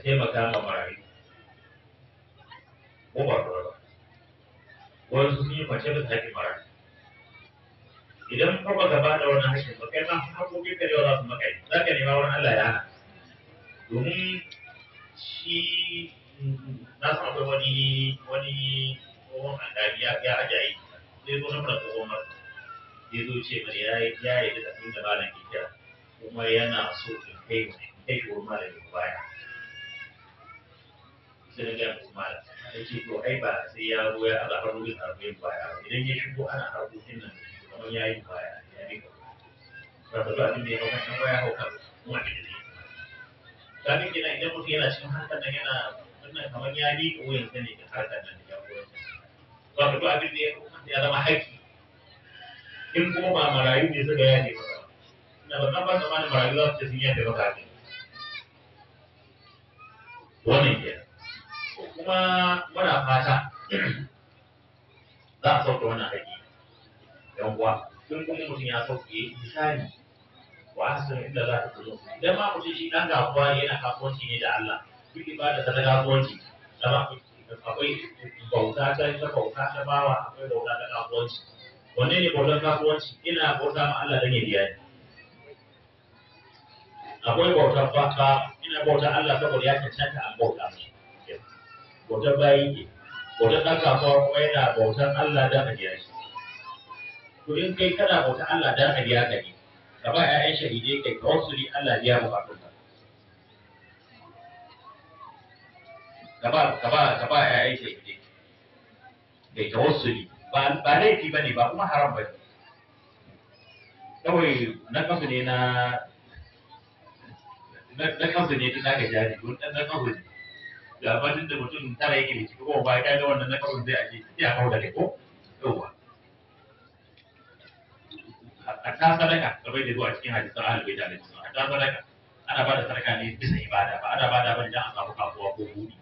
a taimaka ma marayu ko ba ba wani su yi mace da tafi marayu idan ka ba gaba da wani hashe ba kai ma haƙoƙin ka yau za su maka za ka nema wani Allah ya hana domin shi na san akwai wani wani tsohon alƙali ya ya ajayi sai zo na fara tsohon mara ya zo ce mai ya yi ya yi da tafi da kiyar kuma yana so ke kai kai wurin da baya sai na gaya musu ya to ai ba sai ya zo ya baya idan ya shigo ana nan baya ya ba kan kuma idan mutum yana cikin harkar nan yana wannan kamar ya ne harkar nan ba ya zama in kuma ba marayu ne suka ba na ba ba marayu za su ba wannan kenan kuma muna fata za a sauke wannan haƙi don kuwa, tun kuma mutum ya sauke misali wa asir inda za ta fito idan ma mutum shi ɗan kasuwa ne yana kafuwanci ne da Allah duk da ta kasuwanci zama akwai bauta ta ta bauta ta bawa akwai bauta ta kafuwanci wanne ne bautar kafuwanci ina bauta ma Allah dan ya biya ni akwai bautar baka ina bauta Allah saboda ya cancanta a bauta mai bautar bayi ke bautar ɗan kasuwa kuma yana bautar Allah don a biya shi to in kai kana bautar Allah don a biya ka ka ba ƴaƴan shahidai kai tawassuli Allah biya bukatun ka ka ba ka ba ka ba ƴaƴan shahidai kai tawassuli ba ba laifi ba ne ba kuma haram bane kawai na kasu ne na na kasu ne na gajiya ne don na kasu ne labarin da mutum tara yake da ciki ko ba ya ga wannan na kawai zai aje ya kawo da ko yawa ta sadaka bai da zuwa cikin hadisan ahlul bait alaihi a ta sadaka ana bada sadaka ne bisa ibada ba ana bada ba idan an samu kafuwa ko buɗi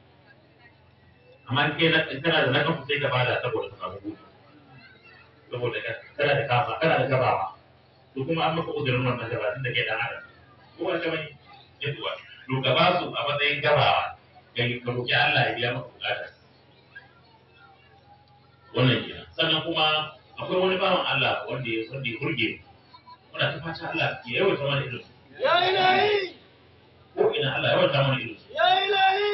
amma in kai in kana da nakan sai ka bada saboda ka samu buɗi saboda ka kana da kafa kana da kabawa to kuma an maka udurin wannan gaba tun da kai dan adam ko wani kamar yadda to ka ba su a matsayin gabawa kai ka roƙi Allah ya biya maka bukata wannan kenan sannan kuma akwai wani bawan Allah wanda ya wanda ya burge muna ta fata Allah ya yawaita mana irin su ya ilahi ko ina Allah ya yawaita mana irin su ya ilahi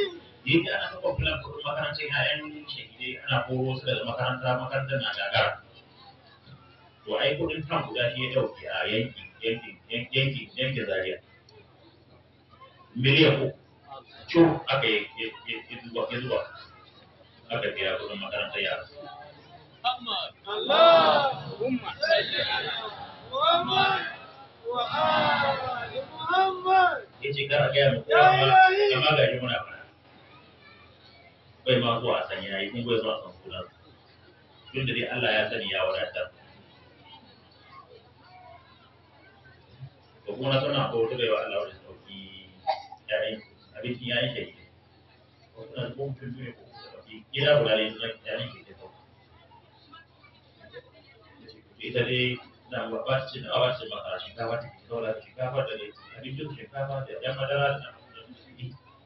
yake ana ta kwamfilan kuɗin makarantar ƴaƴan shahidai ana koro su daga makaranta makarantar na gagara to ai kuɗin kan guda shi ya ɗauke a yankin yankin yankin yankin zaria miliyan uku cur aka yi zuwa ya zuwa aka biya kudin makarantar yara Allahumma salli ala Muhammad gaya amma ga bai ma zuwa san yayi kun bai zuwa san kula tunda dai Allah ya sani ya wadatar ko kuma suna ko ta bai wa Allah wadatar बेटियाँ चाहिए और खूबसूरत में खूबसूरत किला बुला लीजिए जाने के लिए तो इधर एक na wabace da awace ba a shinkafa ta dola da shinkafa da ne abincin shinkafa da yan madara da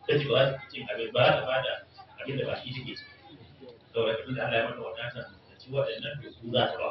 ta ce ba su cin abin ba da bada abin da ba shi take so saboda tun da Allah ya mata wadata ta ci waɗannan da su za ta ba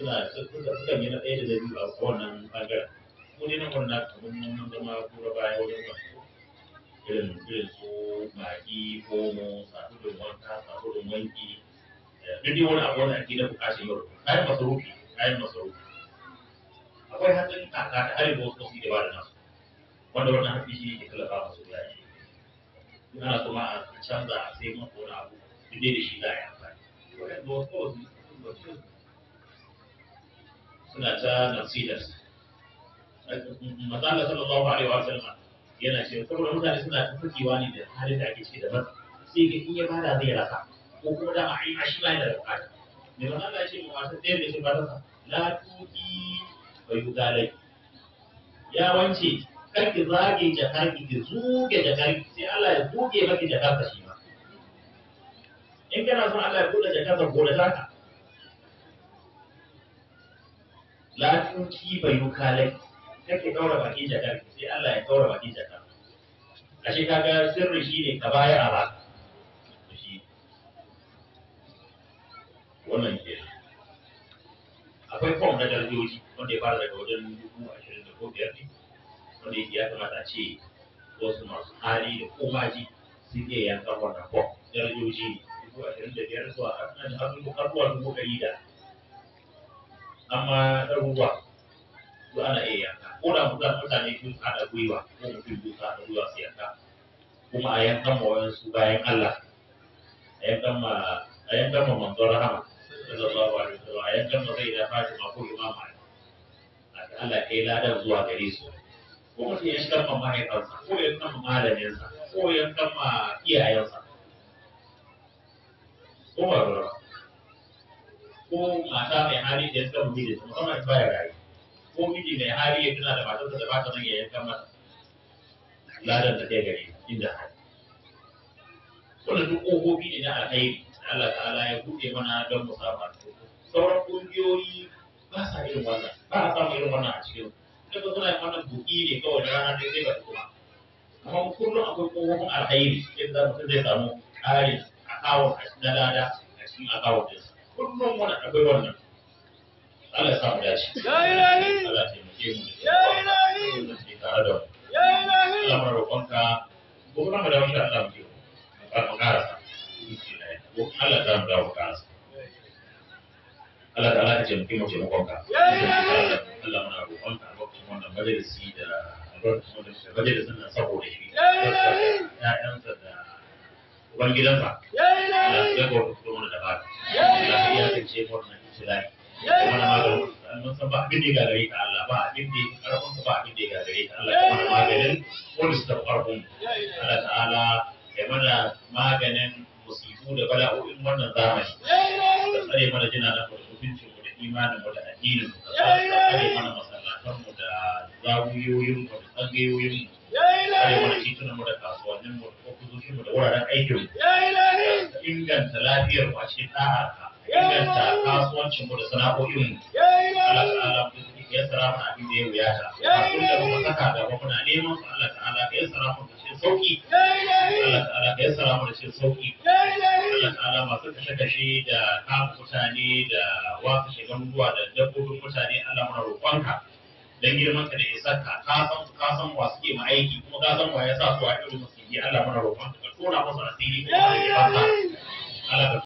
suna sukan yi na ɗaya da na a kowannan ɓangaren mu ne nan kamar zama baya wajen ba irin irin su magi homo wanka wanki eh, duk wani ake na kayan masarufi kayan masarufi akwai hatsin kaka ta wasu da ba da nasu wanda wannan hatsi shi ke masu ana a canza a sai wani abu duk da shi za a yi amfani wasu wasu suna ta nasidas mazala sallallahu alaihi wa sallam yana cewa saboda mutane suna ta fukiwa ne da halin da ake ciki da mata sai ga in ya da zai rasa ko kuma da ai ashi ba da bukata me matsala ce mu wasan ɗaya da shi ba rasa la tuki bai zalai ya wance kar ki zage jakarki ki zuge jakarki sai Allah ya zuge maka jakarka shi ma in kana son Allah ya kula jakarka gona taka la tuki bayukalai kake daura bakin jakar sai Allah ya daura bakin jakar ashe kaga sirri shine ka baya a ba shi wannan ke akwai form na darjoji wanda ya fara daga wajen dubu ashirin da ko biyar wanda yake ya kamata a ce wasu masu hali da komaji sun iya yankar wannan form darjoji ne dubu ashirin da biyar zuwa har zuwa dubu ɗari da amma ɗaruruwa to ana iya yanka ko da mutane mutane ne su haɗa gwiwa ko da biyu su haɗa gwiwa su yanka kuma a yankan ma su bayan Allah a yankan ma a yankan ma manzon rahama sallallahu alaihi wasallam a yankan ma zai da ma ko a ta Allah kai ladan zuwa gare su ko mutum ya shigar ma mahaifansa ko ya yankan ma malaminsa ko ya yankan ma iyayensa ko ba ko mata mai hali da ya suka mutu da su musamman ba ya rayu ko miji mai hali ya tuna da matarsa da ba ta nan ya yanka mata. ladan da kai gare inda hali wannan duk ƙofofi ne na alkhairi Allah ta'ala ya buɗe mana don mu samu sauran ƙungiyoyi ba sa irin wannan ba sa samu irin wannan a cikin daga suna yin wannan buki ne kawai da rana dai ba kuma amma kullum akwai ƙofofin alkhairi yadda mutum zai samu ƙarin akawun na lada a cikin akawun ɗinsa kullum wani akwai wannan Allah sa mu dace ya ilahi Allah taimake mu ya ilahi tare da mu ya ilahi Allah mu roƙonka gobe mu da wanda Allah mu ke mu ta mu dawo ta ta mu ya ilahi a lokacin wannan majalisi da majalisin nan saboda shi da ubangidansa ya ilahi ya gwamnati da ba ya rance wannan da mana maganin mun san ba abin da ya gagare ka Allah ba abin da karfin ba abin da ya gagare ka Allah kuma maganin wani su tafi karfin Allah ta'ala ya mana maganin musibu da bala'o'in wannan zamani da tsare mana jina na mutuncin mu da imanin mu da addinin mu da tsare mana masallatan mu da zawiyoyin mu da tsangayoyin mu tsare mana titunan mu da kasuwannin mu da ofisoshin mu da wuraren aikin mu inganta lafiyar mu a cikin ɗa'arka inganta kasuwancin mu da sana'o'in mu Allah ta'ala ya tsara mana abin da ya wuyata abin da muka saka da ba muna neman su Allah ta'ala ya tsara mu da cikin sauki Allah ta'ala ya tsara mu da shi sauki Allah ta'ala masu kashe kashe da kama mutane da wasu shigan ruwa da dabbobin mutane Allah muna roƙonka dan girman ka da isarka ka san ka san wa suke ma aiki kuma ka san wa ya sa su a irin musulmi Allah muna roƙonka ka tona musu asiri kuma ka